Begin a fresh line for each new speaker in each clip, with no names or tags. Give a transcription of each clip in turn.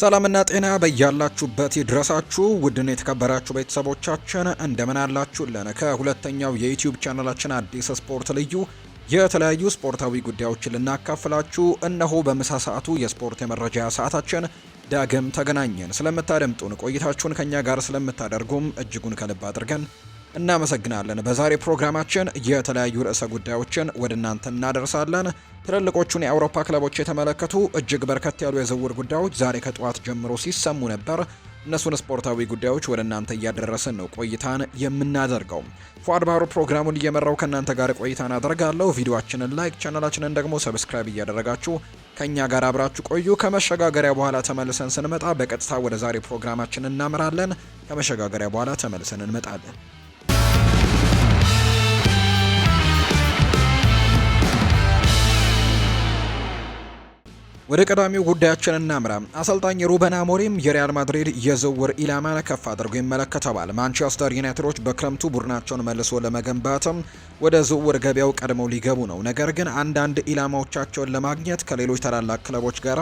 ሰላምና ጤና በያላችሁበት ይድረሳችሁ። ውድን የተከበራችሁ ቤተሰቦቻችን እንደምን አላችሁልን? ከሁለተኛው የዩቲዩብ ቻናላችን አዲስ ስፖርት ልዩ የተለያዩ ስፖርታዊ ጉዳዮችን ልናካፍላችሁ እነሆ በምሳ ሰዓቱ የስፖርት የመረጃ ሰዓታችን ዳግም ተገናኘን። ስለምታደምጡን ቆይታችሁን ከእኛ ጋር ስለምታደርጉም እጅጉን ከልብ አድርገን እናመሰግናለን። በዛሬ ፕሮግራማችን የተለያዩ ርዕሰ ጉዳዮችን ወደ እናንተ እናደርሳለን። ትልልቆቹን የአውሮፓ ክለቦች የተመለከቱ እጅግ በርከት ያሉ የዝውውር ጉዳዮች ዛሬ ከጠዋት ጀምሮ ሲሰሙ ነበር። እነሱን ስፖርታዊ ጉዳዮች ወደ እናንተ እያደረስን ነው ቆይታን የምናደርገው። ፏድ ፕሮግራሙን እየመራው ከእናንተ ጋር ቆይታን አደርጋለሁ። ቪዲዮችንን ላይክ፣ ቻናላችንን ደግሞ ሰብስክራይብ እያደረጋችሁ ከእኛ ጋር አብራችሁ ቆዩ። ከመሸጋገሪያ በኋላ ተመልሰን ስንመጣ በቀጥታ ወደ ዛሬ ፕሮግራማችን እናምራለን። ከመሸጋገሪያ በኋላ ተመልሰን እንመጣለን። ወደ ቀዳሚው ጉዳያችን እናምራ። አሰልጣኝ ሩበን አሞሪም የሪያል ማድሪድ የዝውውር ኢላማን ከፍ አድርጎ ይመለከተዋል። ማንቸስተር ዩናይትዶች በክረምቱ ቡድናቸውን መልሶ ለመገንባትም ወደ ዝውውር ገበያው ቀድመው ሊገቡ ነው። ነገር ግን አንዳንድ ኢላማዎቻቸውን ለማግኘት ከሌሎች ታላላቅ ክለቦች ጋር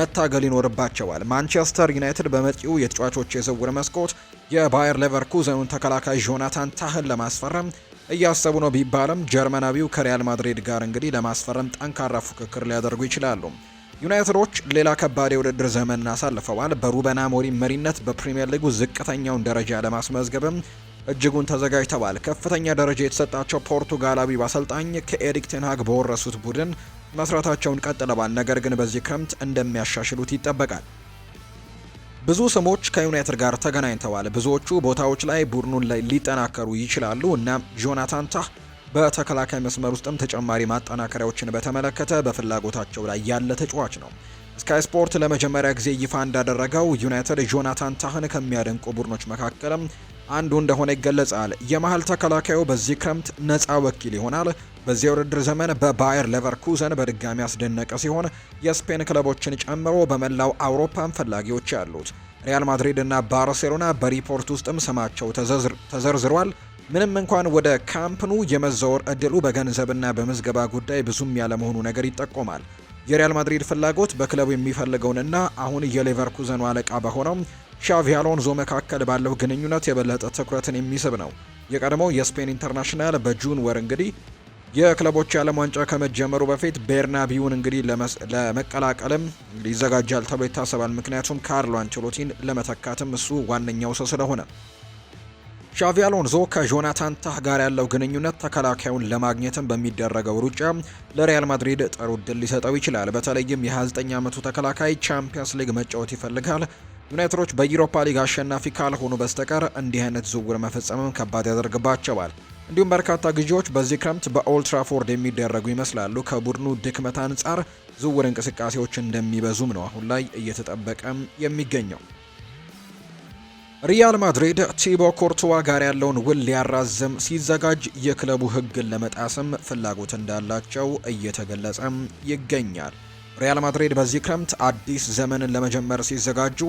መታገል ይኖርባቸዋል። ማንቸስተር ዩናይትድ በመጪው የተጫዋቾች የዝውውር መስኮት የባየር ሌቨርኩዘኑን ተከላካይ ጆናታን ታህን ለማስፈረም እያሰቡ ነው ቢባልም ጀርመናዊው ከሪያል ማድሪድ ጋር እንግዲህ ለማስፈረም ጠንካራ ፉክክር ሊያደርጉ ይችላሉ። ዩናይትዶች ሌላ ከባድ የውድድር ዘመን አሳልፈዋል። በሩበን አሞሪም መሪነት በፕሪምየር ሊጉ ዝቅተኛውን ደረጃ ለማስመዝገብም እጅጉን ተዘጋጅተዋል። ከፍተኛ ደረጃ የተሰጣቸው ፖርቱጋላዊ አሰልጣኝ ከኤሪክ ቴንሃግ በወረሱት ቡድን መስራታቸውን ቀጥለዋል። ነገር ግን በዚህ ክረምት እንደሚያሻሽሉት ይጠበቃል። ብዙ ስሞች ከዩናይትድ ጋር ተገናኝተዋል። ብዙዎቹ ቦታዎች ላይ ቡድኑን ላይ ሊጠናከሩ ይችላሉ እና ጆናታን ታህ በተከላካይ መስመር ውስጥም ተጨማሪ ማጠናከሪያዎችን በተመለከተ በፍላጎታቸው ላይ ያለ ተጫዋች ነው። ስካይ ስፖርት ለመጀመሪያ ጊዜ ይፋ እንዳደረገው ዩናይትድ ጆናታን ታህን ከሚያደንቁ ቡድኖች መካከልም አንዱ እንደሆነ ይገለጻል። የመሀል ተከላካዩ በዚህ ክረምት ነፃ ወኪል ይሆናል። በዚህ ውድድር ዘመን በባየር ሌቨርኩዘን በድጋሚ ያስደነቀ ሲሆን የስፔን ክለቦችን ጨምሮ በመላው አውሮፓን ፈላጊዎች ያሉት ሪያል ማድሪድ እና ባርሴሎና በሪፖርት ውስጥም ስማቸው ተዘርዝሯል። ምንም እንኳን ወደ ካምፕኑ የመዛወር እድሉ በገንዘብና በምዝገባ ጉዳይ ብዙም ያለመሆኑ ነገር ይጠቆማል። የሪያል ማድሪድ ፍላጎት በክለቡ የሚፈልገውንና አሁን የሌቨርኩዘኑ አለቃ በሆነው ሻቪ አሎንዞ መካከል ባለው ግንኙነት የበለጠ ትኩረትን የሚስብ ነው። የቀድሞው የስፔን ኢንተርናሽናል በጁን ወር እንግዲህ የክለቦች የዓለም ዋንጫ ከመጀመሩ በፊት ቤርናቢውን እንግዲህ ለመቀላቀልም ይዘጋጃል ተብሎ ይታሰባል። ምክንያቱም ካርሎ አንቸሎቲን ለመተካትም እሱ ዋነኛው ሰው ስለሆነ ሻቪ አሎንዞ ከጆናታን ታህ ጋር ያለው ግንኙነት ተከላካዩን ለማግኘትም በሚደረገው ሩጫ ለሪያል ማድሪድ ጥሩ እድል ሊሰጠው ይችላል። በተለይም የ29 ዓመቱ ተከላካይ ቻምፒየንስ ሊግ መጫወት ይፈልጋል። ዩናይትዶች በዩሮፓ ሊግ አሸናፊ ካልሆኑ በስተቀር እንዲህ አይነት ዝውውር መፈጸምም ከባድ ያደርግባቸዋል። እንዲሁም በርካታ ግዢዎች በዚህ ክረምት በኦልትራፎርድ የሚደረጉ ይመስላሉ። ከቡድኑ ድክመት አንጻር ዝውውር እንቅስቃሴዎች እንደሚበዙም ነው አሁን ላይ እየተጠበቀም የሚገኘው። ሪያል ማድሪድ ቲቦ ኮርቱዋ ጋር ያለውን ውል ሊያራዝም ሲዘጋጅ የክለቡ ሕግን ለመጣስም ፍላጎት እንዳላቸው እየተገለጸም ይገኛል። ሪያል ማድሪድ በዚህ ክረምት አዲስ ዘመንን ለመጀመር ሲዘጋጁ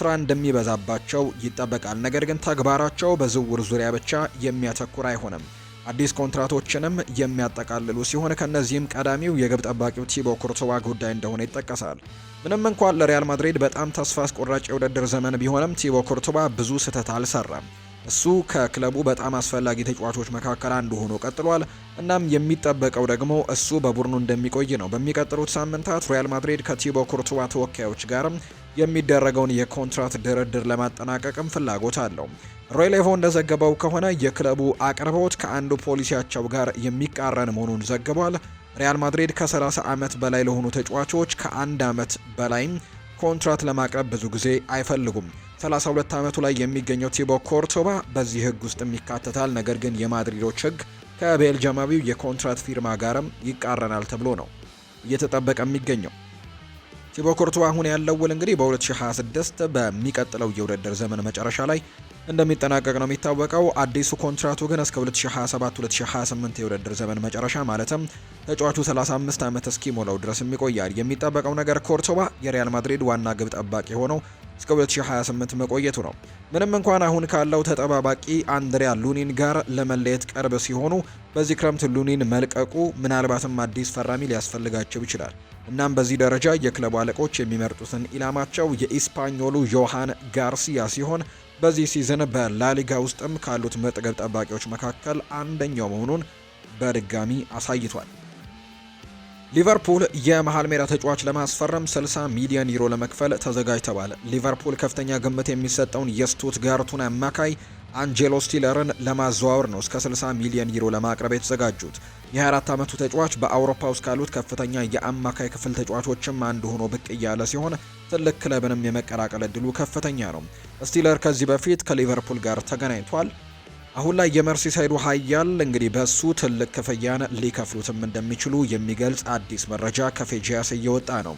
ስራ እንደሚበዛባቸው ይጠበቃል። ነገር ግን ተግባራቸው በዝውውር ዙሪያ ብቻ የሚያተኩር አይሆንም። አዲስ ኮንትራቶችንም የሚያጠቃልሉ ሲሆን ከእነዚህም ቀዳሚው የግብ ጠባቂው ቲቦ ኩርቶዋ ጉዳይ እንደሆነ ይጠቀሳል። ምንም እንኳን ለሪያል ማድሪድ በጣም ተስፋ አስቆራጭ የውድድር ዘመን ቢሆንም ቲቦ ኩርቶዋ ብዙ ስህተት አልሰራም። እሱ ከክለቡ በጣም አስፈላጊ ተጫዋቾች መካከል አንዱ ሆኖ ቀጥሏል። እናም የሚጠበቀው ደግሞ እሱ በቡድኑ እንደሚቆይ ነው። በሚቀጥሉት ሳምንታት ሪያል ማድሪድ ከቲቦ ኩርቱዋ ተወካዮች ጋር የሚደረገውን የኮንትራት ድርድር ለማጠናቀቅም ፍላጎት አለው። ሮይ ሌቮ እንደዘገበው ከሆነ የክለቡ አቅርቦት ከአንዱ ፖሊሲያቸው ጋር የሚቃረን መሆኑን ዘግቧል። ሪያል ማድሪድ ከ30 ዓመት በላይ ለሆኑ ተጫዋቾች ከአንድ ዓመት በላይም ኮንትራት ለማቅረብ ብዙ ጊዜ አይፈልጉም። 32 ዓመቱ ላይ የሚገኘው ቲቦ ኮርቶባ በዚህ ህግ ውስጥ ይካተታል። ነገር ግን የማድሪዶች ህግ ከቤልጅማዊው የኮንትራት ፊርማ ጋርም ይቃረናል ተብሎ ነው እየተጠበቀ የሚገኘው። ቲቦ ኮርቱ አሁን ያለው ውል እንግዲህ በ2026 በሚቀጥለው የውድድር ዘመን መጨረሻ ላይ እንደሚጠናቀቅ ነው የሚታወቀው። አዲሱ ኮንትራቱ ግን እስከ 2027-2028 የውድድር ዘመን መጨረሻ ማለትም ተጫዋቹ 35 ዓመት እስኪሞላው ድረስ የሚቆያል። የሚጠበቀው ነገር ኮርቶባ የሪያል ማድሪድ ዋና ግብ ጠባቂ ሆነው እስከ 2028 መቆየቱ ነው። ምንም እንኳን አሁን ካለው ተጠባባቂ አንድሪያ ሉኒን ጋር ለመለየት ቅርብ ሲሆኑ በዚህ ክረምት ሉኒን መልቀቁ ምናልባትም አዲስ ፈራሚ ሊያስፈልጋቸው ይችላል። እናም በዚህ ደረጃ የክለቡ አለቆች የሚመርጡትን ኢላማቸው የኢስፓኞሉ ዮሃን ጋርሲያ ሲሆን በዚህ ሲዝን በላሊጋ ውስጥም ካሉት ምርጥ ግብ ጠባቂዎች መካከል አንደኛው መሆኑን በድጋሚ አሳይቷል። ሊቨርፑል የመሀል ሜዳ ተጫዋች ለማስፈረም 60 ሚሊዮን ዩሮ ለመክፈል ተዘጋጅተዋል። ሊቨርፑል ከፍተኛ ግምት የሚሰጠውን የስቱትጋርቱን አማካይ አንጀሎ ስቲለርን ለማዘዋወር ነው እስከ 60 ሚሊዮን ዩሮ ለማቅረብ የተዘጋጁት። የ24 ዓመቱ ተጫዋች በአውሮፓ ውስጥ ካሉት ከፍተኛ የአማካይ ክፍል ተጫዋቾችም አንዱ ሆኖ ብቅ እያለ ሲሆን ትልቅ ክለብንም የመቀላቀል እድሉ ከፍተኛ ነው። ስቲለር ከዚህ በፊት ከሊቨርፑል ጋር ተገናኝቷል። አሁን ላይ የመርሲ ሳይዱ ሀያል እንግዲህ በሱ ትልቅ ክፍያን ሊከፍሉትም እንደሚችሉ የሚገልጽ አዲስ መረጃ ከፌጂያስ እየወጣ ነው።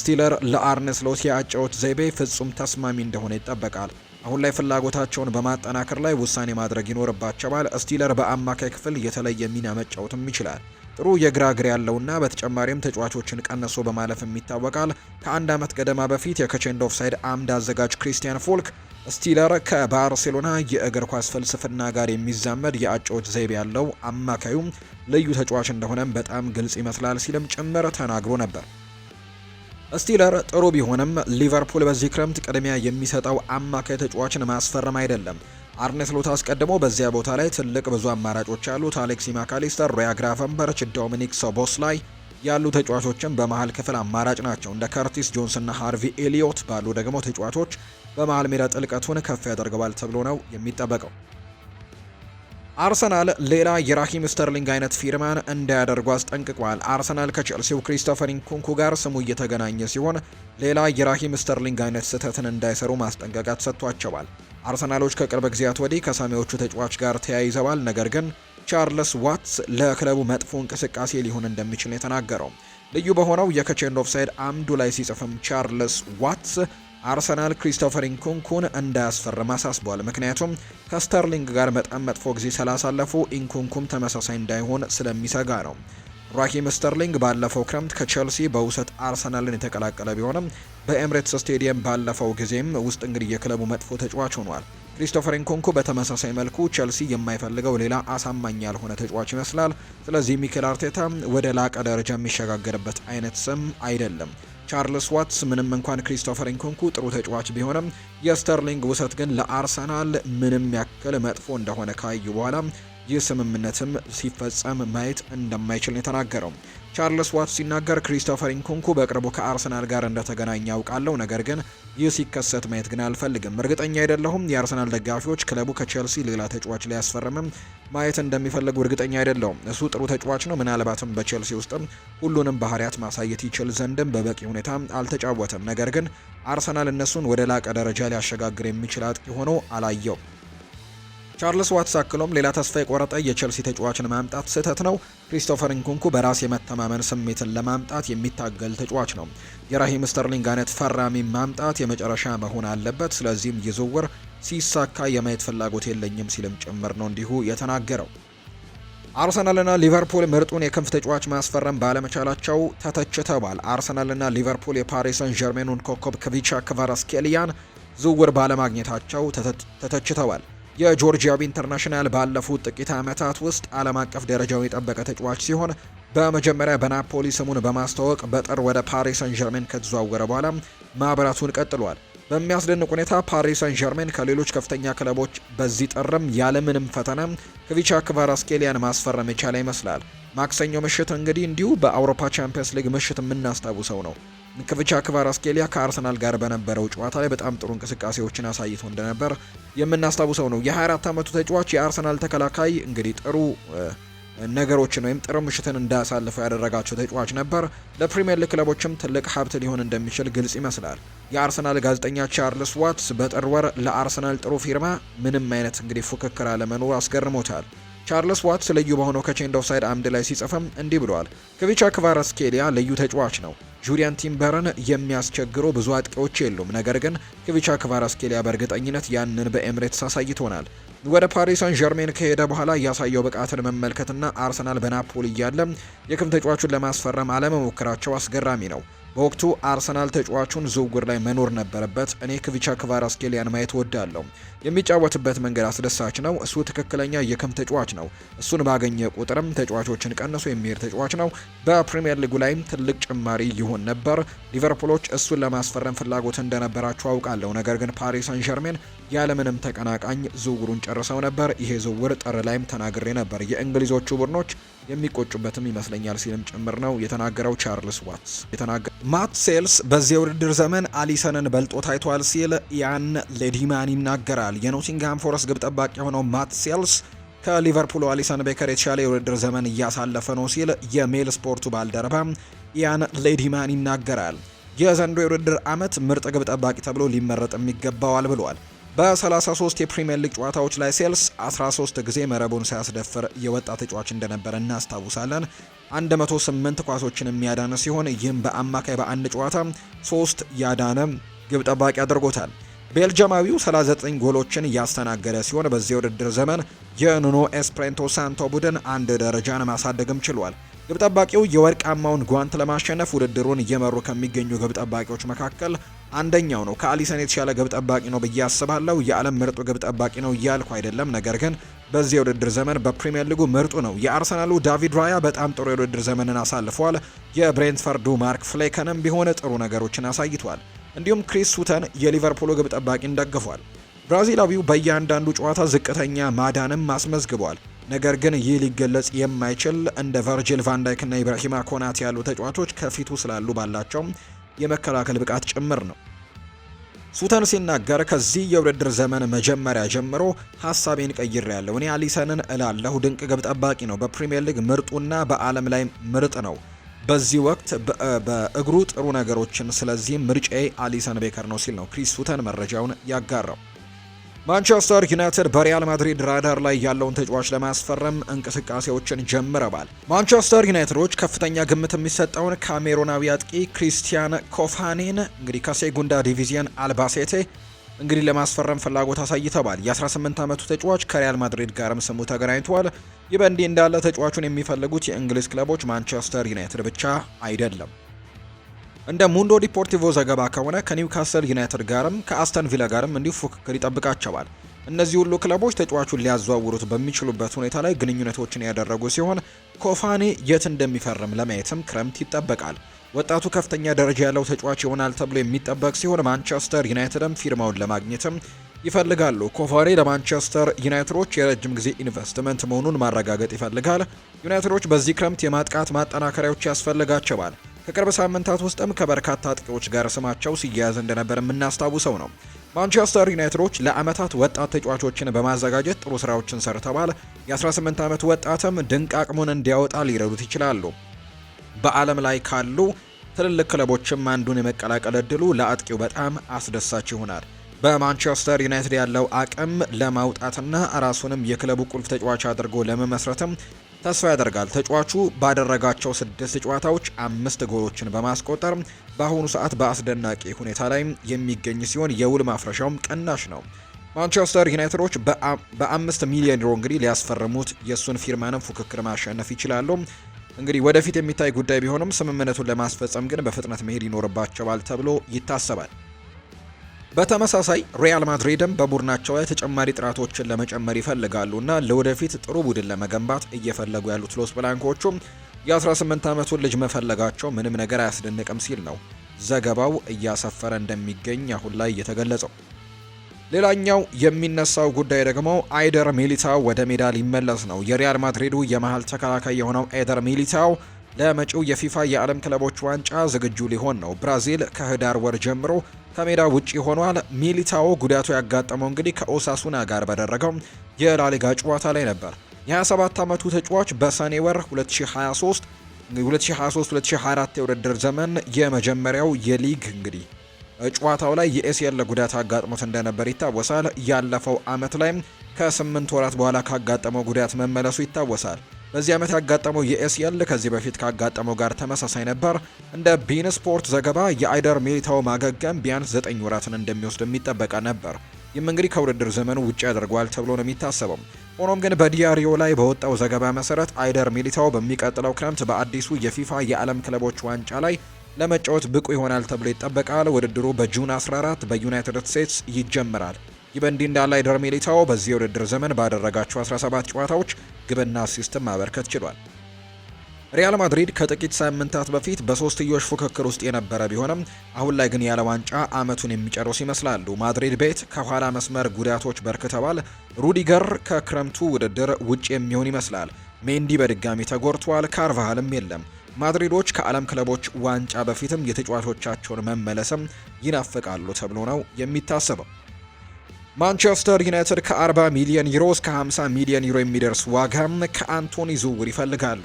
ስቲለር ለአርነ ስሎት የአጨዋወት ዘይቤ ፍጹም ተስማሚ እንደሆነ ይጠበቃል። አሁን ላይ ፍላጎታቸውን በማጠናከር ላይ ውሳኔ ማድረግ ይኖርባቸዋል። ስቲለር በአማካይ ክፍል የተለየ ሚና መጫወትም ይችላል። ጥሩ የግራ እግር ያለውና በተጨማሪም ተጫዋቾችን ቀንሶ በማለፍም ይታወቃል። ከአንድ ዓመት ገደማ በፊት የከቼንድ ኦፍሳይድ አምድ አዘጋጅ ክሪስቲያን ፎልክ ስቲለር ከባርሴሎና የእግር ኳስ ፍልስፍና ጋር የሚዛመድ የአጨዋወት ዘይቤ ያለው አማካዩ ልዩ ተጫዋች እንደሆነም በጣም ግልጽ ይመስላል ሲልም ጭምር ተናግሮ ነበር። ስቲለር ጥሩ ቢሆንም ሊቨርፑል በዚህ ክረምት ቅድሚያ የሚሰጠው አማካይ ተጫዋችን ማስፈረም አይደለም። አርኔ ስሎት አስቀድሞ በዚያ ቦታ ላይ ትልቅ ብዙ አማራጮች ያሉት አሌክሲ ማካሊስተር፣ ሪያ ግራቨንበርች፣ ዶሚኒክ ሶቦስ ላይ ያሉ ተጫዋቾችም በመሀል ክፍል አማራጭ ናቸው። እንደ ከርቲስ ጆንስና ሃርቪ ኤሊዮት ባሉ ደግሞ ተጫዋቾች በመሃል ሜዳ ጥልቀቱን ከፍ ያደርገዋል ተብሎ ነው የሚጠበቀው። አርሰናል ሌላ የራሂም ስተርሊንግ አይነት ፊርማን እንዳያደርጉ አስጠንቅቋል። አርሰናል ከቸልሲው ክሪስቶፈር ኢንኩንኩ ጋር ስሙ እየተገናኘ ሲሆን ሌላ የራሂም ስተርሊንግ አይነት ስህተትን እንዳይሰሩ ማስጠንቀቂያ ተሰጥቷቸዋል። አርሰናሎች ከቅርብ ጊዜያት ወዲህ ከሰሜዎቹ ተጫዋች ጋር ተያይዘዋል። ነገር ግን ቻርልስ ዋትስ ለክለቡ መጥፎ እንቅስቃሴ ሊሆን እንደሚችል የተናገረው ልዩ በሆነው የከቼንድ ኦፍሳይድ አምዱ ላይ ሲጽፍም ቻርልስ ዋትስ አርሰናል ክሪስቶፈር ኢንኩንኩን እንዳያስፈርም አሳስቧል። ምክንያቱም ከስተርሊንግ ጋር በጣም መጥፎ ጊዜ ስላሳለፉ ኢንኩንኩም ተመሳሳይ እንዳይሆን ስለሚሰጋ ነው። ራኪም ስተርሊንግ ባለፈው ክረምት ከቼልሲ በውሰት አርሰናልን የተቀላቀለ ቢሆንም በኤምሬትስ ስቴዲየም ባለፈው ጊዜም ውስጥ እንግዲህ የክለቡ መጥፎ ተጫዋች ሆኗል። ክሪስቶፈር ኢንኩንኩ በተመሳሳይ መልኩ ቸልሲ የማይፈልገው ሌላ አሳማኝ ያልሆነ ተጫዋች ይመስላል። ስለዚህ ሚኬል አርቴታ ወደ ላቀ ደረጃ የሚሸጋገርበት አይነት ስም አይደለም። ቻርልስ ዋትስ ምንም እንኳን ክሪስቶፈር ኢንኩንኩ ጥሩ ተጫዋች ቢሆንም የስተርሊንግ ውሰት ግን ለአርሰናል ምንም ያክል መጥፎ እንደሆነ ካዩ በኋላ ይህ ስምምነትም ሲፈጸም ማየት እንደማይችል የተናገረው ቻርልስ ዋት ሲናገር ክሪስቶፈር ኢንኩንኩ በቅርቡ ከአርሰናል ጋር እንደተገናኘ ያውቃለው ነገር ግን ይህ ሲከሰት ማየት ግን አልፈልግም። እርግጠኛ አይደለሁም። የአርሰናል ደጋፊዎች ክለቡ ከቼልሲ ሌላ ተጫዋች ሊያስፈርምም ማየት እንደሚፈልጉ እርግጠኛ አይደለሁም። እሱ ጥሩ ተጫዋች ነው። ምናልባትም በቼልሲ ውስጥም ሁሉንም ባህሪያት ማሳየት ይችል ዘንድም በበቂ ሁኔታ አልተጫወተም። ነገር ግን አርሰናል እነሱን ወደ ላቀ ደረጃ ሊያሸጋግር የሚችል አጥቂ ሆኖ አላየው ቻርልስ ዋትስ አክሎም ሌላ ተስፋ የቆረጠ የቸልሲ ተጫዋችን ማምጣት ስህተት ነው። ክሪስቶፈር ንኩንኩ በራስ የመተማመን ስሜትን ለማምጣት የሚታገል ተጫዋች ነው። የራሂም ስተርሊንግ አይነት ፈራሚ ማምጣት የመጨረሻ መሆን አለበት። ስለዚህም ይዝውውር ሲሳካ የማየት ፍላጎት የለኝም ሲልም ጭምር ነው እንዲሁ የተናገረው። አርሰናልና ሊቨርፑል ምርጡን የክንፍ ተጫዋች ማስፈረም ባለመቻላቸው ተተችተዋል። አርሰናልና ሊቨርፑል የፓሪሰን ጀርሜኑን ኮከብ ክቪቻ ክቫራስኬሊያን ዝውውር ባለማግኘታቸው ተተችተዋል። የጆርጂያዊ ኢንተርናሽናል ባለፉት ጥቂት ዓመታት ውስጥ ዓለም አቀፍ ደረጃውን የጠበቀ ተጫዋች ሲሆን በመጀመሪያ በናፖሊ ስሙን በማስተዋወቅ በጥር ወደ ፓሪስ ሰን ዠርሜን ከተዘዋወረ በኋላ ማብራቱን ቀጥሏል። በሚያስደንቅ ሁኔታ ፓሪስ ሰን ዠርሜን ከሌሎች ከፍተኛ ክለቦች በዚህ ጥርም ያለምንም ፈተና ክቪቻ ክቫራስኬሊያን ማስፈረም የቻለ ይመስላል። ማክሰኞ ምሽት እንግዲህ እንዲሁ በአውሮፓ ቻምፒየንስ ሊግ ምሽት የምናስታውሰው ነው። ክቪቻ ክቫራትስኬሊያ ከአርሰናል ጋር በነበረው ጨዋታ ላይ በጣም ጥሩ እንቅስቃሴዎችን አሳይቶ እንደነበር የምናስታውሰው ነው። የ24 ዓመቱ ተጫዋች የአርሰናል ተከላካይ እንግዲህ ጥሩ ነገሮችን ወይም ጥሩ ምሽትን እንዳሳልፈው ያደረጋቸው ተጫዋች ነበር። ለፕሪምየር ሊግ ክለቦችም ትልቅ ሀብት ሊሆን እንደሚችል ግልጽ ይመስላል። የአርሰናል ጋዜጠኛ ቻርልስ ዋትስ በጥር ወር ለአርሰናል ጥሩ ፊርማ ምንም አይነት እንግዲህ ፉክክር አለመኖሩ አስገርሞታል። ቻርልስ ዋትስ ልዩ በሆነው ከቼንዶ ሳይድ አምድ ላይ ሲጽፍም እንዲህ ብለዋል። ክቪቻ ክቫራትስኬሊያ ልዩ ተጫዋች ነው ጁሪያን ቲምበርን የሚያስቸግሩ ብዙ አጥቂዎች የሉም። ነገር ግን ክቪቻ ክቫራስኬሊያ በእርግጠኝነት ያንን በኤምሬትስ አሳይቶናል። ወደ ፓሪስ ሳን ዠርሜን ከሄደ በኋላ ያሳየው ብቃትን መመልከትና አርሰናል በናፖሊ እያለ የክም ተጫዋቹን ለማስፈረም አለመሞከራቸው አስገራሚ ነው። በወቅቱ አርሰናል ተጫዋቹን ዝውውር ላይ መኖር ነበረበት። እኔ ክቪቻ ክቫራስኬሊያን ማየት ወዳለሁ። የሚጫወትበት መንገድ አስደሳች ነው። እሱ ትክክለኛ የክም ተጫዋች ነው። እሱን ባገኘ ቁጥርም ተጫዋቾችን ቀንሶ የሚሄድ ተጫዋች ነው። በፕሪምየር ሊጉ ላይም ትልቅ ጭማሪ ይሆን ነበር። ሊቨርፑሎች እሱን ለማስፈረም ፍላጎት እንደነበራቸው አውቃለሁ። ነገር ግን ፓሪስ ሳን ዠርሜን ያለምንም ተቀናቃኝ ዝውውሩን ጨርሰው ነበር። ይሄ ዝውውር ጥር ላይም ተናግሬ ነበር። የእንግሊዞቹ ቡድኖች የሚቆጩበትም ይመስለኛል ሲልም ጭምር ነው የተናገረው ቻርልስ ዋትስ። ማት ሴልስ በዚህ የውድድር ዘመን አሊሰንን በልጦ ታይቷል ሲል ያን ሌዲማን ይናገራል። ይችላል። የኖቲንግሃም ፎረስት ግብ ጠባቂ የሆነው ማት ሴልስ ከሊቨርፑል አሊሰን ቤከር የተሻለ የውድድር ዘመን እያሳለፈ ነው ሲል የሜል ስፖርቱ ባልደረባ ኢያን ሌዲማን ይናገራል። የዘንድሮ የውድድር ዓመት ምርጥ ግብ ጠባቂ ተብሎ ሊመረጥ ይገባዋል ብሏል። በ33 የፕሪምየር ሊግ ጨዋታዎች ላይ ሴልስ 13 ጊዜ መረቡን ሳያስደፍር የወጣ ተጫዋች እንደነበረ እናስታውሳለን። 108 ኳሶችን የሚያዳነ ሲሆን ይህም በአማካይ በአንድ ጨዋታ ሶስት ያዳነ ግብ ጠባቂ አድርጎታል። ቤልጅማዊው 39 ጎሎችን እያስተናገደ ሲሆን በዚህ ውድድር ዘመን የኑኖ ኤስፕሬንቶ ሳንቶ ቡድን አንድ ደረጃን ማሳደግም ችሏል። ግብ ጠባቂው የወርቃማውን ጓንት ለማሸነፍ ውድድሩን እየመሩ ከሚገኙ ግብ ጠባቂዎች መካከል አንደኛው ነው። ከአሊሰን የተሻለ ግብ ጠባቂ ነው ብዬ አስባለሁ። የዓለም ምርጡ ግብ ጠባቂ ነው እያልኩ አይደለም፣ ነገር ግን በዚህ የውድድር ዘመን በፕሪምየር ሊጉ ምርጡ ነው። የአርሰናሉ ዳቪድ ራያ በጣም ጥሩ የውድድር ዘመንን አሳልፏል። የብሬንትፈርዱ ማርክ ፍሌከንም ቢሆን ጥሩ ነገሮችን አሳይቷል። እንዲሁም ክሪስ ሱተን የሊቨርፑል ግብ ጠባቂን ደግፏል። ብራዚላዊው በእያንዳንዱ ጨዋታ ዝቅተኛ ማዳንም አስመዝግቧል። ነገር ግን ይህ ሊገለጽ የማይችል እንደ ቨርጂል ቫንዳይክ እና ኢብራሂማ ኮናት ያሉ ተጫዋቾች ከፊቱ ስላሉ ባላቸው የመከላከል ብቃት ጭምር ነው። ሱተን ሲናገር ከዚህ የውድድር ዘመን መጀመሪያ ጀምሮ ሀሳቤን ቀይር ያለው እኔ አሊሰንን እላለሁ። ድንቅ ግብ ጠባቂ ነው። በፕሪምየር ሊግ ምርጡና በዓለም ላይ ምርጥ ነው። በዚህ ወቅት በእግሩ ጥሩ ነገሮችን፣ ስለዚህም ምርጫዬ አሊሰን ቤከር ነው ሲል ነው ክሪስ ፉተን መረጃውን ያጋራው። ማንቸስተር ዩናይትድ በሪያል ማድሪድ ራዳር ላይ ያለውን ተጫዋች ለማስፈረም እንቅስቃሴዎችን ጀምረዋል። ማንቸስተር ዩናይትዶች ከፍተኛ ግምት የሚሰጠውን ካሜሮናዊ አጥቂ ክሪስቲያን ኮፋኔን እንግዲህ ከሴጉንዳ ዲቪዚየን አልባሴቴ እንግዲህ ለማስፈረም ፍላጎት አሳይተዋል። የ18 ዓመቱ ተጫዋች ከሪያል ማድሪድ ጋርም ስሙ ተገናኝቷል። ይህ በእንዲህ እንዳለ ተጫዋቹን የሚፈልጉት የእንግሊዝ ክለቦች ማንቸስተር ዩናይትድ ብቻ አይደለም። እንደ ሙንዶ ዲፖርቲቮ ዘገባ ከሆነ ከኒውካስል ዩናይትድ ጋርም ከአስተን ቪላ ጋርም እንዲሁ ፉክክር ይጠብቃቸዋል። እነዚህ ሁሉ ክለቦች ተጫዋቹን ሊያዘዋውሩት በሚችሉበት ሁኔታ ላይ ግንኙነቶችን ያደረጉ ሲሆን ኮፋኔ የት እንደሚፈርም ለማየትም ክረምት ይጠበቃል። ወጣቱ ከፍተኛ ደረጃ ያለው ተጫዋች ይሆናል ተብሎ የሚጠበቅ ሲሆን ማንቸስተር ዩናይትድም ፊርማውን ለማግኘትም ይፈልጋሉ። ኮቫሬ ለማንቸስተር ዩናይትዶች የረጅም ጊዜ ኢንቨስትመንት መሆኑን ማረጋገጥ ይፈልጋል። ዩናይትዶች በዚህ ክረምት የማጥቃት ማጠናከሪያዎች ያስፈልጋቸዋል። ከቅርብ ሳምንታት ውስጥም ከበርካታ አጥቂዎች ጋር ስማቸው ሲያያዝ እንደነበር የምናስታውሰው ነው። ማንቸስተር ዩናይትዶች ለዓመታት ወጣት ተጫዋቾችን በማዘጋጀት ጥሩ ስራዎችን ሰርተዋል። የ18 ዓመት ወጣትም ድንቅ አቅሙን እንዲያወጣ ሊረዱት ይችላሉ። በዓለም ላይ ካሉ ትልልቅ ክለቦችም አንዱን የመቀላቀል እድሉ ለአጥቂው በጣም አስደሳች ይሆናል። በማንቸስተር ዩናይትድ ያለው አቅም ለማውጣትና ራሱንም የክለቡ ቁልፍ ተጫዋች አድርጎ ለመመስረትም ተስፋ ያደርጋል። ተጫዋቹ ባደረጋቸው ስድስት ጨዋታዎች አምስት ጎሎችን በማስቆጠር በአሁኑ ሰዓት በአስደናቂ ሁኔታ ላይ የሚገኝ ሲሆን የውል ማፍረሻውም ቅናሽ ነው። ማንቸስተር ዩናይትዶች በአምስት ሚሊዮን ዩሮ እንግዲህ ሊያስፈርሙት የእሱን ፊርማንም ፉክክር ማሸነፍ ይችላሉ። እንግዲህ ወደፊት የሚታይ ጉዳይ ቢሆንም ስምምነቱን ለማስፈጸም ግን በፍጥነት መሄድ ይኖርባቸዋል ተብሎ ይታሰባል። በተመሳሳይ ሪያል ማድሪድም በቡድናቸው ላይ ተጨማሪ ጥራቶችን ለመጨመር ይፈልጋሉ እና ለወደፊት ጥሩ ቡድን ለመገንባት እየፈለጉ ያሉት ሎስ ብላንኮቹም የ18 ዓመቱን ልጅ መፈለጋቸው ምንም ነገር አያስደንቅም ሲል ነው ዘገባው እያሰፈረ እንደሚገኝ አሁን ላይ እየተገለጸው። ሌላኛው የሚነሳው ጉዳይ ደግሞ አይደር ሚሊታው ወደ ሜዳ ሊመለስ ነው። የሪያል ማድሪዱ የመሀል ተከላካይ የሆነው አይደር ሚሊታው ለመጪው የፊፋ የዓለም ክለቦች ዋንጫ ዝግጁ ሊሆን ነው። ብራዚል ከህዳር ወር ጀምሮ ከሜዳ ውጪ ሆኗል። ሚሊታው ጉዳቱ ያጋጠመው እንግዲህ ከኦሳሱና ጋር በደረገው የላሊጋ ጨዋታ ላይ ነበር። የ27 ዓመቱ ተጫዋች በሰኔ ወር 2023 2023 2024 የውድድር ዘመን የመጀመሪያው የሊግ እንግዲህ ጨዋታው ላይ የኤሲኤል ጉዳት አጋጥሞት እንደነበር ይታወሳል። ያለፈው አመት ላይም ከስምንት ወራት በኋላ ካጋጠመው ጉዳት መመለሱ ይታወሳል። በዚህ ዓመት ያጋጠመው የኤስኤል ከዚህ በፊት ካጋጠመው ጋር ተመሳሳይ ነበር። እንደ ቢን ስፖርት ዘገባ የአይደር ሚሊታው ማገገም ቢያንስ ዘጠኝ ወራትን እንደሚወስድ የሚጠበቀ ነበር። ይህም እንግዲህ ከውድድር ዘመኑ ውጭ ያደርገዋል ተብሎ ነው የሚታሰበው። ሆኖም ግን በዲያሪዮ ላይ በወጣው ዘገባ መሰረት አይደር ሚሊታው በሚቀጥለው ክረምት በአዲሱ የፊፋ የዓለም ክለቦች ዋንጫ ላይ ለመጫወት ብቁ ይሆናል ተብሎ ይጠበቃል። ውድድሩ በጁን 14 በዩናይትድ ስቴትስ ይጀምራል። ይህ በእንዲህ እንዳለ አይደር ሚሊታው በዚህ የውድድር ዘመን ባደረጋቸው 17 ጨዋታዎች ግብና አሲስትም ማበርከት ችሏል። ሪያል ማድሪድ ከጥቂት ሳምንታት በፊት በሶስትዮሽ ፉክክር ውስጥ የነበረ ቢሆንም አሁን ላይ ግን ያለ ዋንጫ አመቱን የሚጨርሱ ይመስላሉ። ማድሪድ ቤት ከኋላ መስመር ጉዳቶች በርክተዋል። ሩዲገር ከክረምቱ ውድድር ውጭ የሚሆን ይመስላል። ሜንዲ በድጋሚ ተጎድቷል። ካርቫሃልም የለም። ማድሪዶች ከዓለም ክለቦች ዋንጫ በፊትም የተጫዋቾቻቸውን መመለስም ይናፍቃሉ ተብሎ ነው የሚታሰበው። ማንቸስተር ዩናይትድ ከ40 ሚሊዮን ዩሮ እስከ 50 ሚሊዮን ዩሮ የሚደርስ ዋጋም ከአንቶኒ ዝውውር ይፈልጋሉ።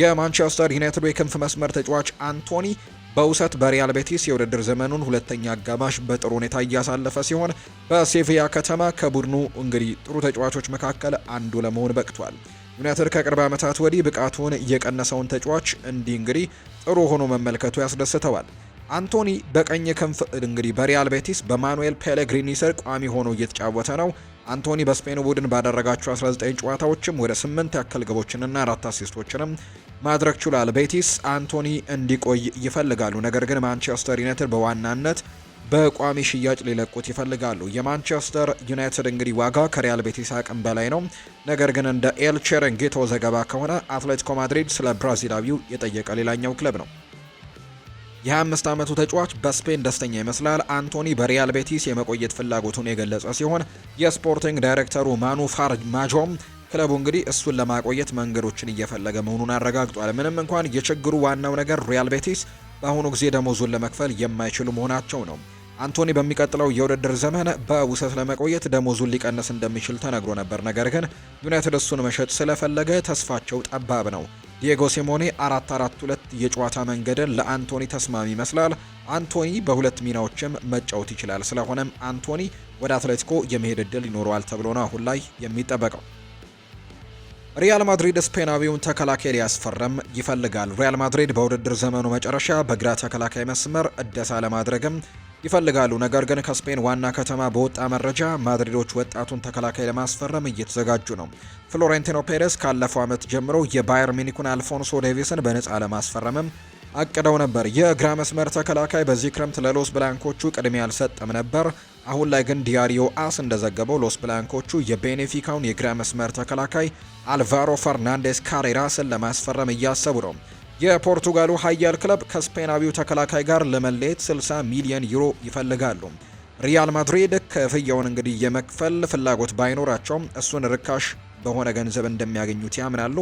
የማንቸስተር ዩናይትድ የክንፍ መስመር ተጫዋች አንቶኒ በውሰት በሪያል ቤቲስ የውድድር ዘመኑን ሁለተኛ አጋማሽ በጥሩ ሁኔታ እያሳለፈ ሲሆን በሴቪያ ከተማ ከቡድኑ እንግዲህ ጥሩ ተጫዋቾች መካከል አንዱ ለመሆን በቅቷል። ዩናይትድ ከቅርብ ዓመታት ወዲህ ብቃቱን እየቀነሰውን ተጫዋች እንዲህ እንግዲህ ጥሩ ሆኖ መመልከቱ ያስደስተዋል። አንቶኒ በቀኝ ክንፍ እንግዲህ በሪያል ቤቲስ በማኑኤል ፔሌግሪኒ ስር ቋሚ ሆኖ እየተጫወተ ነው። አንቶኒ በስፔን ቡድን ባደረጋቸው 19 ጨዋታዎችም ወደ 8 ያክል ግቦችንና አራት አሲስቶችንም ማድረግ ችሏል። ቤቲስ አንቶኒ እንዲቆይ ይፈልጋሉ፣ ነገር ግን ማንቸስተር ዩናይትድ በዋናነት በቋሚ ሽያጭ ሊለቁት ይፈልጋሉ። የማንቸስተር ዩናይትድ እንግዲህ ዋጋ ከሪያል ቤቲስ አቅም በላይ ነው። ነገር ግን እንደ ኤል ቼረንጌቶ ዘገባ ከሆነ አትሌቲኮ ማድሪድ ስለ ብራዚላዊው የጠየቀ ሌላኛው ክለብ ነው። የ25 ዓመቱ ተጫዋች በስፔን ደስተኛ ይመስላል። አንቶኒ በሪያል ቤቲስ የመቆየት ፍላጎቱን የገለጸ ሲሆን የስፖርቲንግ ዳይሬክተሩ ማኑ ማጆም ክለቡ እንግዲህ እሱን ለማቆየት መንገዶችን እየፈለገ መሆኑን አረጋግጧል። ምንም እንኳን የችግሩ ዋናው ነገር ሪያል ቤቲስ በአሁኑ ጊዜ ደሞዙን ለመክፈል የማይችሉ መሆናቸው ነው። አንቶኒ በሚቀጥለው የውድድር ዘመን በውሰት ለመቆየት ደሞዙን ሊቀንስ እንደሚችል ተነግሮ ነበር። ነገር ግን ዩናይትድ እሱን መሸጥ ስለፈለገ ተስፋቸው ጠባብ ነው። ዲየጎ ሲሞኔ አራት አራት ሁለት የጨዋታ መንገድን ለአንቶኒ ተስማሚ ይመስላል። አንቶኒ በሁለት ሚናዎችም መጫወት ይችላል። ስለሆነም አንቶኒ ወደ አትሌቲኮ የመሄድ እድል ይኖረዋል ተብሎ ነው አሁን ላይ የሚጠበቀው። ሪያል ማድሪድ ስፔናዊውን ተከላካይ ሊያስፈርም ይፈልጋል። ሪያል ማድሪድ በውድድር ዘመኑ መጨረሻ በግራ ተከላካይ መስመር እደሳ ለማድረግም ይፈልጋሉ። ነገር ግን ከስፔን ዋና ከተማ በወጣ መረጃ ማድሪዶች ወጣቱን ተከላካይ ለማስፈረም እየተዘጋጁ ነው። ፍሎሬንቲኖ ፔሬስ ካለፈው ዓመት ጀምሮ የባየር ሚኒኩን አልፎንሶ ዴቪስን በነፃ ለማስፈረምም አቅደው ነበር። የግራ መስመር ተከላካይ በዚህ ክረምት ለሎስ ብላንኮቹ ቅድሚያ አልሰጠም ነበር። አሁን ላይ ግን ዲያሪዮ አስ እንደዘገበው ሎስ ብላንኮቹ የቤኔፊካውን የግራ መስመር ተከላካይ አልቫሮ ፈርናንዴስ ካሬራስን ለማስፈረም እያሰቡ ነው። የፖርቱጋሉ ኃያል ክለብ ከስፔናዊው ተከላካይ ጋር ለመለየት 60 ሚሊዮን ዩሮ ይፈልጋሉ። ሪያል ማድሪድ ክፍያውን እንግዲህ የመክፈል ፍላጎት ባይኖራቸውም እሱን ርካሽ በሆነ ገንዘብ እንደሚያገኙት ያምናሉ።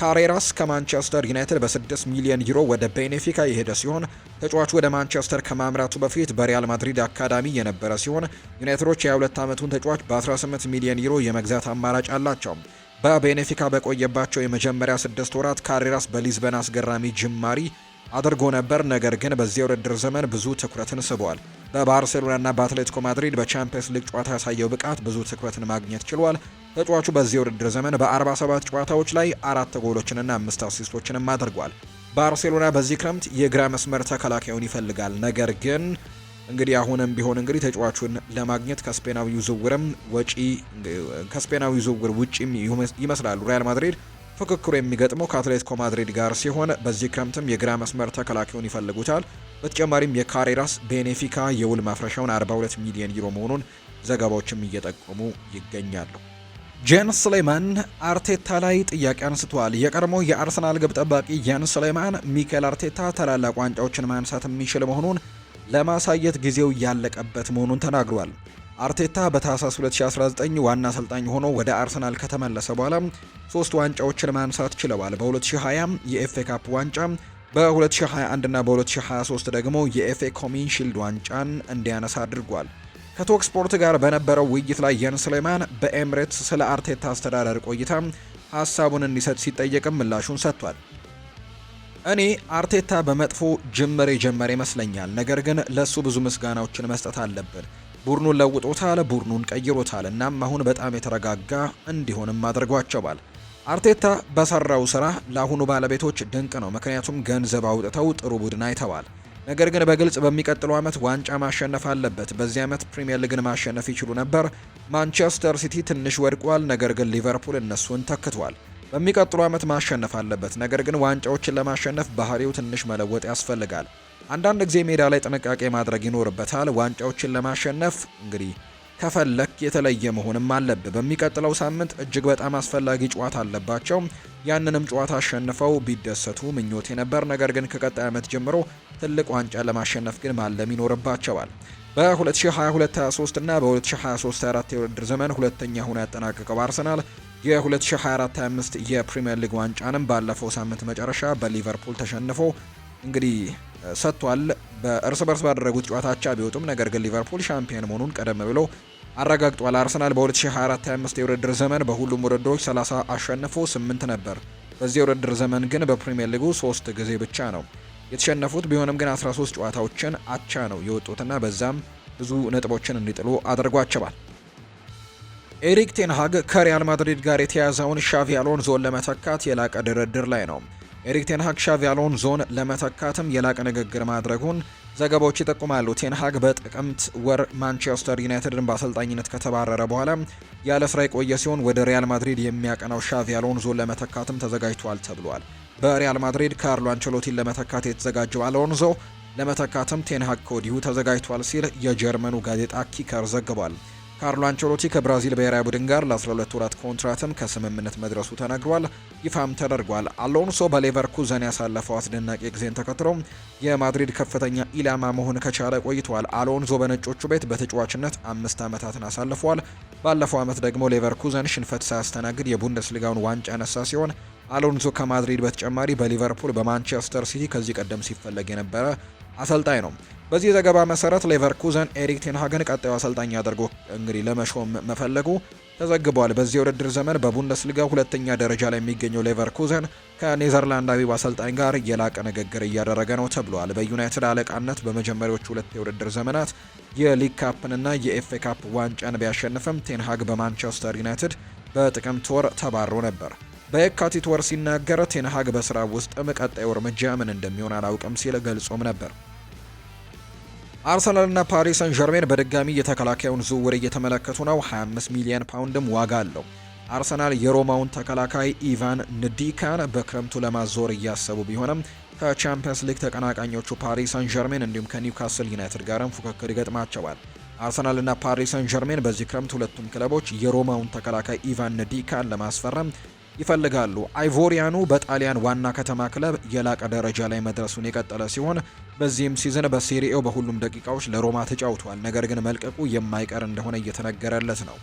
ካሬራስ ከማንቸስተር ዩናይትድ በ6 ሚሊዮን ዩሮ ወደ ቤኔፊካ የሄደ ሲሆን ተጫዋቹ ወደ ማንቸስተር ከማምራቱ በፊት በሪያል ማድሪድ አካዳሚ የነበረ ሲሆን ዩናይትዶች የ22 ዓመቱን ተጫዋች በ18 ሚሊዮን ዩሮ የመግዛት አማራጭ አላቸው። በቤኔፊካ በቆየባቸው የመጀመሪያ ስድስት ወራት ካሬራስ በሊዝበን አስገራሚ ጅማሪ አድርጎ ነበር። ነገር ግን በዚያ ውድድር ዘመን ብዙ ትኩረትን ስቧል። በባርሴሎናና በአትሌቲኮ ማድሪድ በቻምፒየንስ ሊግ ጨዋታ ያሳየው ብቃት ብዙ ትኩረትን ማግኘት ችሏል። ተጫዋቹ በዚህ ውድድር ዘመን በ47 ጨዋታዎች ላይ አራት ጎሎችንና አምስት አሲስቶችንም አድርጓል። ባርሴሎና በዚህ ክረምት የግራ መስመር ተከላካዩን ይፈልጋል። ነገር ግን እንግዲህ አሁንም ቢሆን እንግዲህ ተጫዋቹን ለማግኘት ከስፔናዊ ዝውውርም ወጪ ከስፔናዊ ዝውውር ውጪም ይመስላሉ ሪያል ማድሪድ ፍክክሩ የሚገጥመው ከአትሌቲኮ ማድሪድ ጋር ሲሆን በዚህ ክረምትም የግራ መስመር ተከላካዩን ይፈልጉታል። በተጨማሪም የካሬራስ ቤኔፊካ የውል ማፍረሻውን 42 ሚሊዮን ዩሮ መሆኑን ዘገባዎችም እየጠቆሙ ይገኛሉ። ጄን ስሌማን አርቴታ ላይ ጥያቄ አንስቷል። የቀድሞው የአርሰናል ግብ ጠባቂ ጄን ስሌማን ሚካኤል አርቴታ ታላላቅ ዋንጫዎችን ማንሳት የሚችል መሆኑን ለማሳየት ጊዜው ያለቀበት መሆኑን ተናግሯል። አርቴታ በታህሳስ 2019 ዋና አሰልጣኝ ሆኖ ወደ አርሰናል ከተመለሰ በኋላ ሶስት ዋንጫዎችን ማንሳት ችለዋል። በ2020 የኤፍኤ ካፕ ዋንጫ፣ በ2021 እና በ2023 ደግሞ የኤፍኤ ኮሚን ሺልድ ዋንጫን እንዲያነሳ አድርጓል። ከቶክ ስፖርት ጋር በነበረው ውይይት ላይ የን ስሌማን በኤምሬትስ ስለ አርቴታ አስተዳደር ቆይታ ሀሳቡን እንዲሰጥ ሲጠየቅም ምላሹን ሰጥቷል። እኔ አርቴታ በመጥፎ ጅምር የጀመረ ይመስለኛል። ነገር ግን ለእሱ ብዙ ምስጋናዎችን መስጠት አለብን። ቡድኑን ለውጦታል፣ ቡድኑን ቀይሮታል። እናም አሁን በጣም የተረጋጋ እንዲሆንም አድርጓቸዋል። አርቴታ በሰራው ስራ ለአሁኑ ባለቤቶች ድንቅ ነው፣ ምክንያቱም ገንዘብ አውጥተው ጥሩ ቡድን አይተዋል። ነገር ግን በግልጽ በሚቀጥለው ዓመት ዋንጫ ማሸነፍ አለበት። በዚህ ዓመት ፕሪምየር ሊግን ማሸነፍ ይችሉ ነበር። ማንቸስተር ሲቲ ትንሽ ወድቋል፣ ነገር ግን ሊቨርፑል እነሱን ተክቷል። በሚቀጥሉ ዓመት ማሸነፍ አለበት። ነገር ግን ዋንጫዎችን ለማሸነፍ ባህሪው ትንሽ መለወጥ ያስፈልጋል። አንዳንድ ጊዜ ሜዳ ላይ ጥንቃቄ ማድረግ ይኖርበታል። ዋንጫዎችን ለማሸነፍ እንግዲህ ከፈለክ የተለየ መሆንም አለብ። በሚቀጥለው ሳምንት እጅግ በጣም አስፈላጊ ጨዋታ አለባቸው። ያንንም ጨዋታ አሸንፈው ቢደሰቱ ምኞቴ ነበር። ነገር ግን ከቀጣይ ዓመት ጀምሮ ትልቅ ዋንጫ ለማሸነፍ ግን ማለም ይኖርባቸዋል። በ2022/23 እና በ2023/24 የውድድር ዘመን ሁለተኛ ሆኖ ያጠናቀቀው አርሰናል የ2024/25 የፕሪምየር ሊግ ዋንጫንም ባለፈው ሳምንት መጨረሻ በሊቨርፑል ተሸንፎ እንግዲህ ሰጥቷል። በእርስ በርስ ባደረጉት ጨዋታ ቢወጡም ነገር ግን ሊቨርፑል ሻምፒየን መሆኑን ቀደም ብሎ አረጋግጧል። አርሰናል በ2024/25 የውድድር ዘመን በሁሉም ውድድሮች 30 አሸንፎ 8 ነበር። በዚህ የውድድር ዘመን ግን በፕሪምየር ሊጉ 3 ጊዜ ብቻ ነው የተሸነፉት። ቢሆንም ግን 13 ጨዋታዎችን አቻ ነው የወጡትና በዛም ብዙ ነጥቦችን እንዲጥሉ አድርጓቸዋል። ኤሪክ ቴንሃግ ከሪያል ማድሪድ ጋር የተያዘውን ሻቪ አሎንዞን ለመተካት የላቀ ድርድር ላይ ነው። ኤሪክ ቴንሃግ ሻቪ አሎንዞን ለመተካትም የላቀ ንግግር ማድረጉን ዘገባዎች ይጠቁማሉ። ቴንሃግ በጥቅምት ወር ማንቸስተር ዩናይትድን በአሰልጣኝነት ከተባረረ በኋላ ያለ ስራ የቆየ ሲሆን ወደ ሪያል ማድሪድ የሚያቀናው ሻቪ አሎንዞን ለመተካትም ተዘጋጅቷል ተብሏል። በሪያል ማድሪድ ካርሎ አንቸሎቲን ለመተካት የተዘጋጀው አሎንዞ ለመተካትም ቴንሃግ ከወዲሁ ተዘጋጅቷል ሲል የጀርመኑ ጋዜጣ ኪከር ዘግቧል። ካርሎ አንቸሎቲ ከብራዚል ብሔራዊ ቡድን ጋር ለ12 ወራት ኮንትራትም ከስምምነት መድረሱ ተነግሯል፣ ይፋም ተደርጓል። አሎንሶ በሌቨርኩዘን ያሳለፈው አስደናቂ ጊዜን ተከትሎ የማድሪድ ከፍተኛ ኢላማ መሆን ከቻለ ቆይቷል። አሎንሶ በነጮቹ ቤት በተጫዋችነት አምስት ዓመታትን አሳልፏል። ባለፈው ዓመት ደግሞ ሌቨርኩዘን ሽንፈት ሳያስተናግድ የቡንደስሊጋውን ዋንጫ ያነሳ ሲሆን አሎንሶ ከማድሪድ በተጨማሪ በሊቨርፑል፣ በማንቸስተር ሲቲ ከዚህ ቀደም ሲፈለግ የነበረ አሰልጣኝ ነው። በዚህ ዘገባ መሰረት ሌቨርኩዘን ኤሪክ ቴንሃገን ቀጣዩ አሰልጣኝ አድርጎ እንግዲህ ለመሾም መፈለጉ ተዘግቧል። በዚህ የውድድር ዘመን በቡንደስሊጋ ሁለተኛ ደረጃ ላይ የሚገኘው ሌቨርኩዘን ከኔዘርላንዳዊው አሰልጣኝ ጋር የላቀ ንግግር እያደረገ ነው ተብሏል። በዩናይትድ አለቃነት በመጀመሪያዎቹ ሁለት የውድድር ዘመናት የሊግ ካፕንና የኤፍኤ ካፕ ዋንጫን ቢያሸንፍም ቴንሃግ በማንቸስተር ዩናይትድ በጥቅምት ወር ተባሮ ነበር። በየካቲት ወር ሲናገር ቴንሃግ በስራ ውስጥም ቀጣዩ እርምጃ ምን እንደሚሆን አላውቅም ሲል ገልጾም ነበር። አርሰናልና ፓሪስ ሰን ዠርሜን በድጋሚ የተከላካዩን ዝውውር እየተመለከቱ ነው። 25 ሚሊዮን ፓውንድም ዋጋ አለው። አርሰናል የሮማውን ተከላካይ ኢቫን ንዲካን በክረምቱ ለማዞር እያሰቡ ቢሆንም ከቻምፒየንስ ሊግ ተቀናቃኞቹ ፓሪስ ሰን ዠርሜን እንዲሁም ከኒውካስል ዩናይትድ ጋርም ፉክክር ይገጥማቸዋል። አርሰናልና ፓሪስ ሰን ዠርሜን በዚህ ክረምት ሁለቱም ክለቦች የሮማውን ተከላካይ ኢቫን ንዲካን ለማስፈረም ይፈልጋሉ። አይቮሪያኑ በጣሊያን ዋና ከተማ ክለብ የላቀ ደረጃ ላይ መድረሱን የቀጠለ ሲሆን በዚህም ሲዝን በሴሪኤው በሁሉም ደቂቃዎች ለሮማ ተጫውቷል። ነገር ግን መልቀቁ የማይቀር እንደሆነ እየተነገረለት ነው።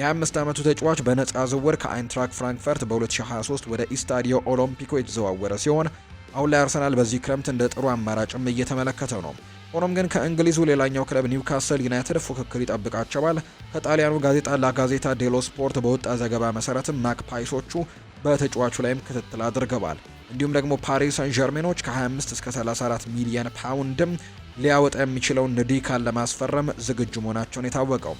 የ25 ዓመቱ ተጫዋች በነፃ ዝውውር ከአይንትራክ ፍራንክፈርት በ2023 ወደ ኢስታዲዮ ኦሎምፒኮ የተዘዋወረ ሲሆን አሁን ላይ አርሰናል በዚህ ክረምት እንደ ጥሩ አማራጭም እየተመለከተው ነው። ሆኖም ግን ከእንግሊዙ ሌላኛው ክለብ ኒውካስል ዩናይትድ ፉክክር ይጠብቃቸዋል። ከጣሊያኑ ጋዜጣ ላጋዜታ ዴሎ ስፖርት በወጣ ዘገባ መሰረትም ማክፓይሶቹ በተጫዋቹ ላይም ክትትል አድርገዋል። እንዲሁም ደግሞ ፓሪስ ሳን ዠርሜኖች ከ25 እስከ 34 ሚሊየን ፓውንድም ሊያወጣ የሚችለውን ንዲካን ለማስፈረም ዝግጁ መሆናቸውን የታወቀው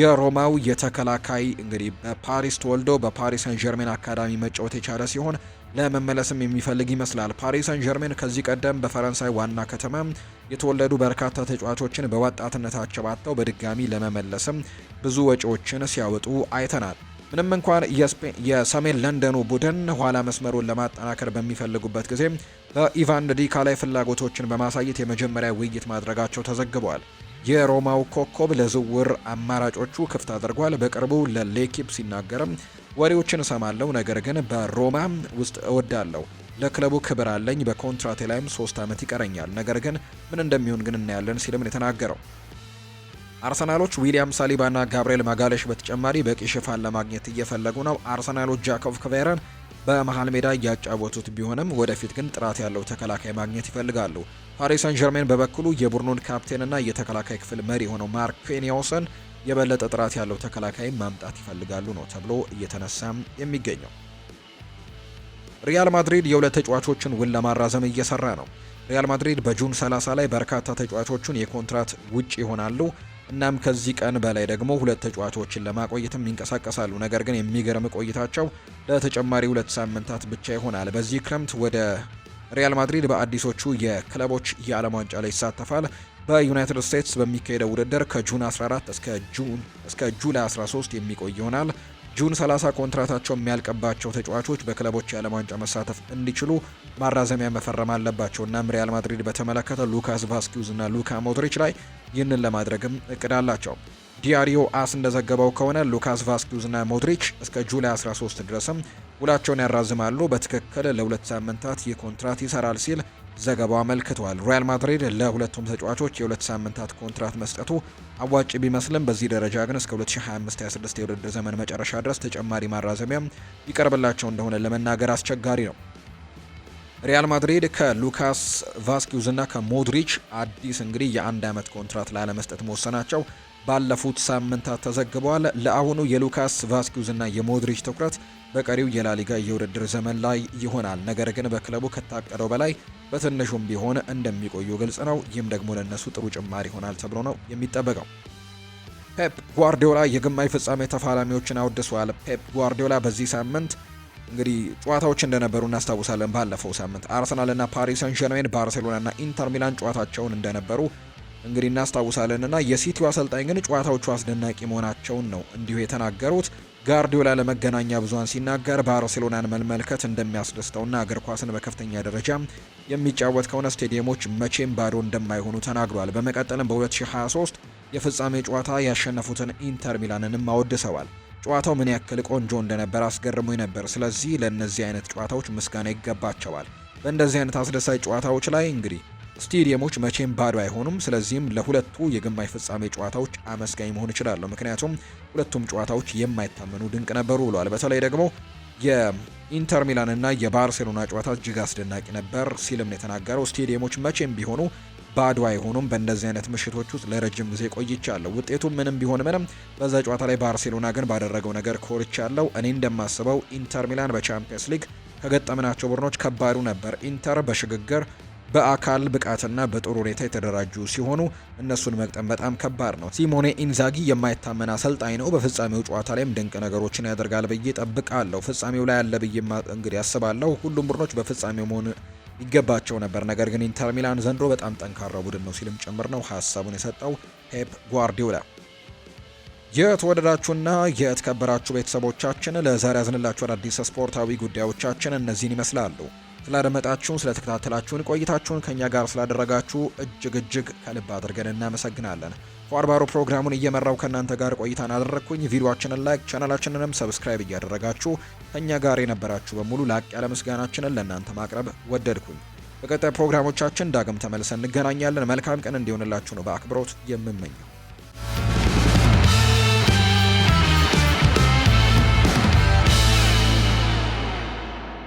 የሮማው የተከላካይ እንግዲህ በፓሪስ ተወልዶ በፓሪስ ሳን ዠርሜን አካዳሚ መጫወት የቻለ ሲሆን ለመመለስም የሚፈልግ ይመስላል። ፓሪስ ሰን ጀርሜን ከዚህ ቀደም በፈረንሳይ ዋና ከተማ የተወለዱ በርካታ ተጫዋቾችን በወጣትነታቸው አጥተው በድጋሚ ለመመለስም ብዙ ወጪዎችን ሲያወጡ አይተናል። ምንም እንኳን የሰሜን ለንደኑ ቡድን ኋላ መስመሩን ለማጠናከር በሚፈልጉበት ጊዜ በኢቫን ዲካ ላይ ፍላጎቶችን በማሳየት የመጀመሪያ ውይይት ማድረጋቸው ተዘግቧል። የሮማው ኮከብ ለዝውውር አማራጮቹ ክፍት አድርጓል። በቅርቡ ለሌኪፕ ሲናገርም ወሬዎችን እሰማለሁ፣ ነገር ግን በሮማ ውስጥ እወዳለሁ። ለክለቡ ክብር አለኝ። በኮንትራቴ ላይም ሶስት ዓመት ይቀረኛል፣ ነገር ግን ምን እንደሚሆን ግን እናያለን ሲልም የተናገረው። አርሰናሎች ዊሊያም ሳሊባና ጋብርኤል ማጋለሽ በተጨማሪ በቂ ሽፋን ለማግኘት እየፈለጉ ነው። አርሰናሎች ጃኮቭ ክቬረን በመሃል ሜዳ እያጫወቱት ቢሆንም ወደፊት ግን ጥራት ያለው ተከላካይ ማግኘት ይፈልጋሉ። ፓሪስ ሳን ጀርሜን በበኩሉ የቡድኑን ካፕቴንና የተከላካይ ክፍል መሪ የሆነው ማርክ ፌኒያውሰን የበለጠ ጥራት ያለው ተከላካይ ማምጣት ይፈልጋሉ ነው ተብሎ እየተነሳ የሚገኘው። ሪያል ማድሪድ የሁለት ተጫዋቾችን ውል ለማራዘም እየሰራ ነው። ሪያል ማድሪድ በጁን 30 ላይ በርካታ ተጫዋቾቹን የኮንትራት ውጭ ይሆናሉ። እናም ከዚህ ቀን በላይ ደግሞ ሁለት ተጫዋቾችን ለማቆየትም ይንቀሳቀሳሉ። ነገር ግን የሚገርም ቆይታቸው ለተጨማሪ ሁለት ሳምንታት ብቻ ይሆናል። በዚህ ክረምት ወደ ሪያል ማድሪድ በአዲሶቹ የክለቦች የዓለም ዋንጫ ላይ ይሳተፋል። በዩናይትድ ስቴትስ በሚካሄደው ውድድር ከጁን 14 እስከ ጁን እስከ ጁላይ 13 የሚቆይ ይሆናል። ጁን 30 ኮንትራታቸው የሚያልቅባቸው ተጫዋቾች በክለቦች የዓለም ዋንጫ መሳተፍ እንዲችሉ ማራዘሚያ መፈረም እና ሪያል ማድሪድ በተመለከተ ሉካስ ቫስኪዩዝ እና ሉካ ሞድሪች ላይ ይህንን ለማድረግም እቅድ አላቸው። ዲያሪዮ አስ እንደዘገበው ከሆነ ሉካስ ቫስኪዩዝ እና ሞድሪች እስከ ጁላይ 13 ድረስም ውላቸውን ያራዝማሉ። በትክክል ለሁለት ሳምንታት ይህ ኮንትራት ይሰራል ሲል ዘገባው አመልክቷል። ሪያል ማድሪድ ለሁለቱም ተጫዋቾች የሁለት ሳምንታት ኮንትራት መስጠቱ አዋጭ ቢመስልም በዚህ ደረጃ ግን እስከ 2025/26 የውድድር ዘመን መጨረሻ ድረስ ተጨማሪ ማራዘሚያ ይቀርብላቸው እንደሆነ ለመናገር አስቸጋሪ ነው። ሪያል ማድሪድ ከሉካስ ቫስኪዩዝ እና ከሞድሪች አዲስ እንግዲህ የአንድ ዓመት ኮንትራት ላለመስጠት መወሰናቸው ባለፉት ሳምንታት ተዘግበዋል። ለአሁኑ የሉካስ ቫስኪዝ እና የሞድሪች ትኩረት በቀሪው የላሊጋ የውድድር ዘመን ላይ ይሆናል። ነገር ግን በክለቡ ከታቀደው በላይ በትንሹም ቢሆን እንደሚቆዩ ግልጽ ነው። ይህም ደግሞ ለእነሱ ጥሩ ጭማሪ ይሆናል ተብሎ ነው የሚጠበቀው። ፔፕ ጓርዲዮላ የግማሽ ፍጻሜ ተፋላሚዎችን አውድሷል። ፔፕ ጓርዲዮላ በዚህ ሳምንት እንግዲህ ጨዋታዎች እንደነበሩ እናስታውሳለን። ባለፈው ሳምንት አርሰናልና ፓሪስ ሰን ዠርሜን፣ ባርሴሎናና ኢንተር ሚላን ጨዋታቸውን እንደነበሩ እንግዲህ እናስታውሳለንና የሲቲው አሰልጣኝ ግን ጨዋታዎቹ አስደናቂ መሆናቸውን ነው እንዲሁ የተናገሩት። ጋርዲዮላ ለመገናኛ ብዙሃን ሲናገር ባርሴሎናን መልመልከት እንደሚያስደስተውና እግር ኳስን በከፍተኛ ደረጃ የሚጫወት ከሆነ ስቴዲየሞች መቼም ባዶ እንደማይሆኑ ተናግሯል። በመቀጠልም በ2023 የፍጻሜ ጨዋታ ያሸነፉትን ኢንተር ሚላንንም አወድሰዋል። ጨዋታው ምን ያክል ቆንጆ እንደነበር አስገርሞ ነበር። ስለዚህ ለእነዚህ አይነት ጨዋታዎች ምስጋና ይገባቸዋል። በእንደዚህ አይነት አስደሳች ጨዋታዎች ላይ እንግዲህ ስቴዲየሞች መቼም ባዶ አይሆኑም። ስለዚህም ለሁለቱ የግማሽ ፍጻሜ ጨዋታዎች አመስጋኝ መሆን እችላለሁ፣ ምክንያቱም ሁለቱም ጨዋታዎች የማይታመኑ ድንቅ ነበሩ ብሏል። በተለይ ደግሞ የኢንተር ሚላን እና የባርሴሎና ጨዋታ እጅግ አስደናቂ ነበር ሲልም ነው የተናገረው። ስቴዲየሞች መቼም ቢሆኑ ባዶ አይሆኑም። በእንደዚህ አይነት ምሽቶች ውስጥ ለረጅም ጊዜ ቆይቻለሁ። ውጤቱ ምንም ቢሆን ምንም፣ በዛ ጨዋታ ላይ ባርሴሎና ግን ባደረገው ነገር ኮርቻለሁ። እኔ እንደማስበው ኢንተር ሚላን በቻምፒየንስ ሊግ ከገጠምናቸው ቡድኖች ከባዱ ነበር። ኢንተር በሽግግር በአካል ብቃትና በጥሩ ሁኔታ የተደራጁ ሲሆኑ እነሱን መቅጠም በጣም ከባድ ነው። ሲሞኔ ኢንዛጊ የማይታመን አሰልጣኝ ነው። በፍጻሜው ጨዋታ ላይም ድንቅ ነገሮችን ያደርጋል ብዬ ጠብቃለሁ። ፍጻሜው ላይ ያለ ብዬ እንግዲህ ያስባለሁ። ሁሉም ቡድኖች በፍጻሜው መሆን ይገባቸው ነበር፣ ነገር ግን ኢንተር ሚላን ዘንድሮ በጣም ጠንካራ ቡድን ነው ሲልም ጭምር ነው ሀሳቡን የሰጠው ፔፕ ጓርዲዮላ። የተወደዳችሁና የተከበራችሁ ቤተሰቦቻችን ለዛሬ ያዝንላችሁ አዳዲስ ስፖርታዊ ጉዳዮቻችን እነዚህን ይመስላሉ። ስላደመጣችሁን፣ ስለተከታተላችሁን ቆይታችሁን ከእኛ ጋር ስላደረጋችሁ እጅግ እጅግ ከልብ አድርገን እናመሰግናለን። ፏርባሮ ፕሮግራሙን እየመራው ከእናንተ ጋር ቆይታን አደረግኩኝ። ቪዲዮችንን ላይክ ቻናላችንንም ሰብስክራይብ እያደረጋችሁ ከእኛ ጋር የነበራችሁ በሙሉ ላቅ ያለ ምስጋናችንን ለእናንተ ማቅረብ ወደድኩኝ። በቀጣይ ፕሮግራሞቻችን ዳግም ተመልሰን እንገናኛለን። መልካም ቀን እንዲሆንላችሁ ነው በአክብሮት የምመኘው።